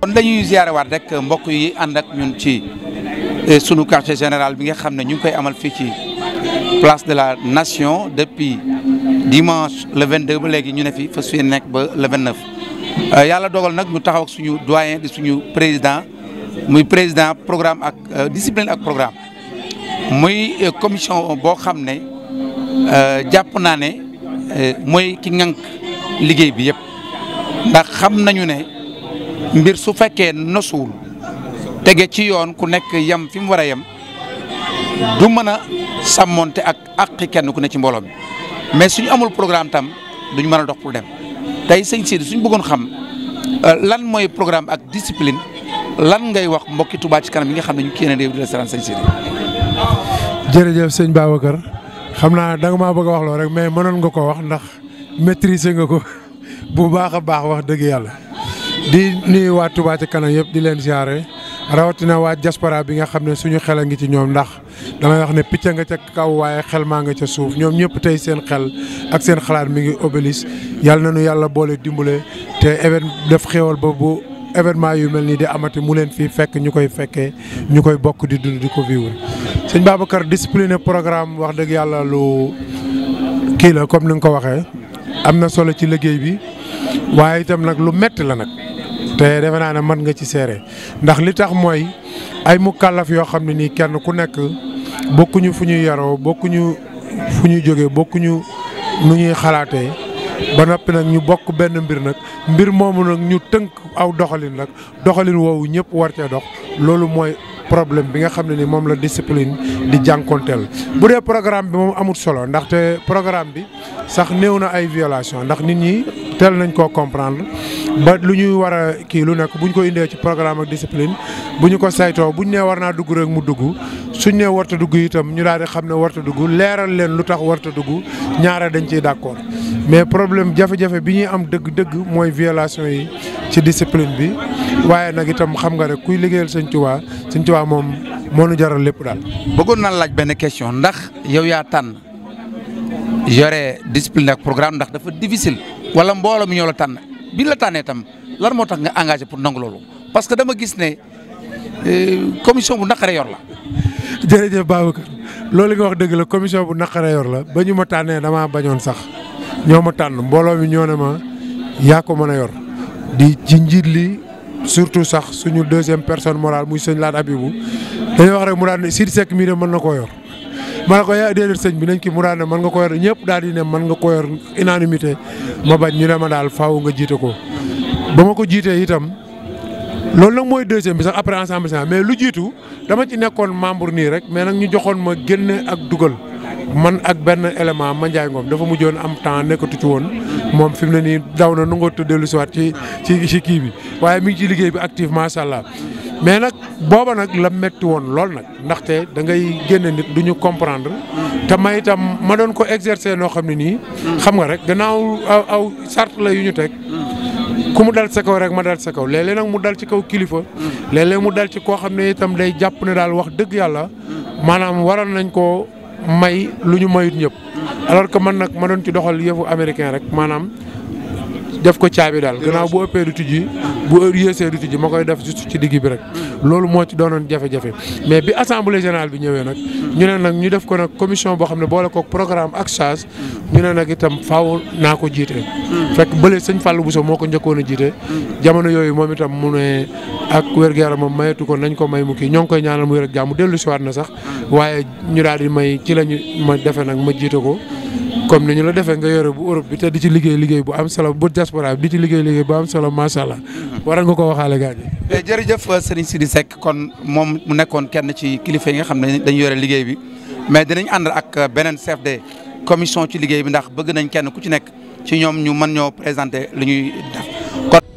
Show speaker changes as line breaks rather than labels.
kon dañuy ziarewaat rek mbokk yi ànd ak ñun ci eh, sunu quartier général bi nga xam ne ñu ngi koy amal fii ci place de la nation depuis dimanche le deux ba léegi ñu ne fi fas yéene nekk ba le 29. Eh, yàlla dogal nag ñu taxaw ak suñu doyen di suñu président muy président programme ak eh, discipline ak programme muy commission boo xam ne jàpp naa ne mooy ki ŋànk liggéey bi yëpp ndax xam nañu ne. mbir su fekkee nosuwul tege ci yoon ku nekk yam fi mu war a du mën a sàmmonte ak àqi kenn ku ne ci mbooloo mi mais suñu amul programme tam duñ mën a dox pour dem tey sëñ Sidi suñ bëggoon xam euh, lan mooy programme ak disipline lan ngay wax mbokki Touba ci kanam yi nga xam ne ñu kii na réew di la sëñ Sidi.
jërëjëf sëñ Babacar xam naa danga maa bëgg a wax loo rek mais mënoon nga ko wax ndax maîtriser nga ko bu baax a baax wax dëgg yàlla. di nuyu waa Touba ci kanam yëpp di leen ziare rawatina waa diaspora bi nga xam ne suñu xel a ngi ci ñoom ndax damay wax ne picc a nga ca kaw waaye xel maa nga ca suuf ñoom ñëpp tey seen xel ak seen xalaat mi ngi Obélisque yàlla na nu yàlla boole dimbale te événement def xéwal ba bu événement yu mel nii di amati mu leen fii fekk ñu koy fekkee ñu koy bokk di dund di ko vivre sëñ Babacar discipliné programme wax dëgg yàlla lu kii la comme ni nga ko waxee am na solo ci liggéey bi waaye itam nag lu metti la nag. te defe naa ne mën nga ci seere ndax li tax mooy ay mukallaf yoo xam ne nii kenn ku nekk bokkuñu fu ñuy yaroo bokkuñu fu ñu jógee bokkuñu nu ñuy xalaatee ba noppi nag ñu bokk benn mbir nag mbir moomu nag ñu tënk aw doxalin nag doxalin woowu ñëpp war cee dox loolu mooy problème bi nga xam ne ni moom la discipline di jànkonteel bu dee programme bi moom amul solo ndaxte programme bi sax néew na ay violation ndax nit ñi teel nañ koo comprendre ba lu ñuy war a kii lu nekk bu ñu ko indee ci programme ak discipline bu ñu ko saytoo bu ñu nee war naa dugg rek mu dugg suñ nee warta dugg itam ñu daal di xam ne warta dugg leeral leen lu tax warta dugg ñaare dañ ciy d'accord mais problème jafe-jafe bi ñuy am dëgg-dëgg mooy violation yi ci discipline bi waaye nag itam xam nga rek kuy liggéeyal sëñ Tuubaa sëñ Tuubaa moom moo nu jaral lépp daal.
bëggoon naa laaj benn question ndax yow yaa tànn yore discipline ak programme ndax dafa difficile. wala mbooloo mi ñoo la tànn bi la tànnee tam lan moo tax nga engagé pour nangu loolu parce que dama gis ne euh, commission bu naqare yor la.
jërëjëf Babacar loolu nga wax dëgg la commission bu naqare yor la ba ñu ma tànnee damaa bañoon sax ñoo ma tànn mbooloo mi ñoo ne ma yaa ko mën a yor di ci njiit li surtout sax suñu deuxième personne morale muy sëñ Laat Abibu dañoo wax rek mu daan ne Sidy Seck mii mën na koo yor. ma ne ko yaa eh, déedéet sëñ bi nañ ki mu daan ne man nga ko yor ñëpp daal di ne man nga ko yor unanimité ma bañ ñu ne ma daal faw nga jiite ko. ba ma ko jiitee itam loolu nag mooy deuxième bi sax après ensemble mais lu jiitu dama ci nekkoon membre nii rek mais nag ñu joxoon ma génne ak dugal. man ak benn élément ma Ndiaye Ngom dafa mujjoon am temps nekkatu ci woon moom fi mu ne nii daw na nu nga ko dellu si waat ci ci kii bi waaye mi ci liggéey bi activement allah mais nag booba nag la metti woon lool nag ndaxte da ngay génne nit du ñu comprendre te may itam ma doon ko exercer noo xam ne nii. xam nga rek gannaaw aw aw sart la yu ñu teg. ku mu dal sa kaw rek ma dal sa kaw léeg nag mu dal ci kaw kilifa. léeg mu dal ci koo xam ne itam day jàpp ne daal wax dëgg yàlla. maanaam waral nañ ko may lu ñu mayut ñëpp. alors que man nag ma doon ci doxal yëfu américain rek maanaam. def ko caabi daal gannaaw bu ëppee du tijji bu yéesee du tijji ma koy def juste ci digg bi rek loolu moo ci doonoon jafe-jafe mais bi assemblée générale bi ñëwee nag ñu ne nag ñu def ko nag commission boo xam ne boo ko programme ak charge ñu ne nag itam faaw naa ko jiite fekk bële sëñ Fallou Bousso moo ko njëkkoon a jiite jamono yooyu moom itam mu ne ak wér-gu-yaramam mayatu ko nañ ko may mu kii ñoo ngi koy ñaanal mu rek ak dellu si waat na sax mm. waaye ñu daal di may ci lañu ma defe nag ma jiite ko comme ni ñu la defee nga yore bu Europe bi te di ci liggéey liggéey bu am solo bu diaspora bi di ci liggéey liggéey bu am solo macha allah mm-hmm. nga ko waxaale gaañu.
Eh, jërëjëf euh, Serigne Sidi Seck kon moom mu nekkoon kenn ci kilifa yi nga xam ne dañu yore liggéey bi mais dinañ ànd ak euh, beneen chef de commission ci liggéey bi ndax bëgg nañ kenn ku ci nekk ci ñoom ñu mën ñoo présenter li ñuy def.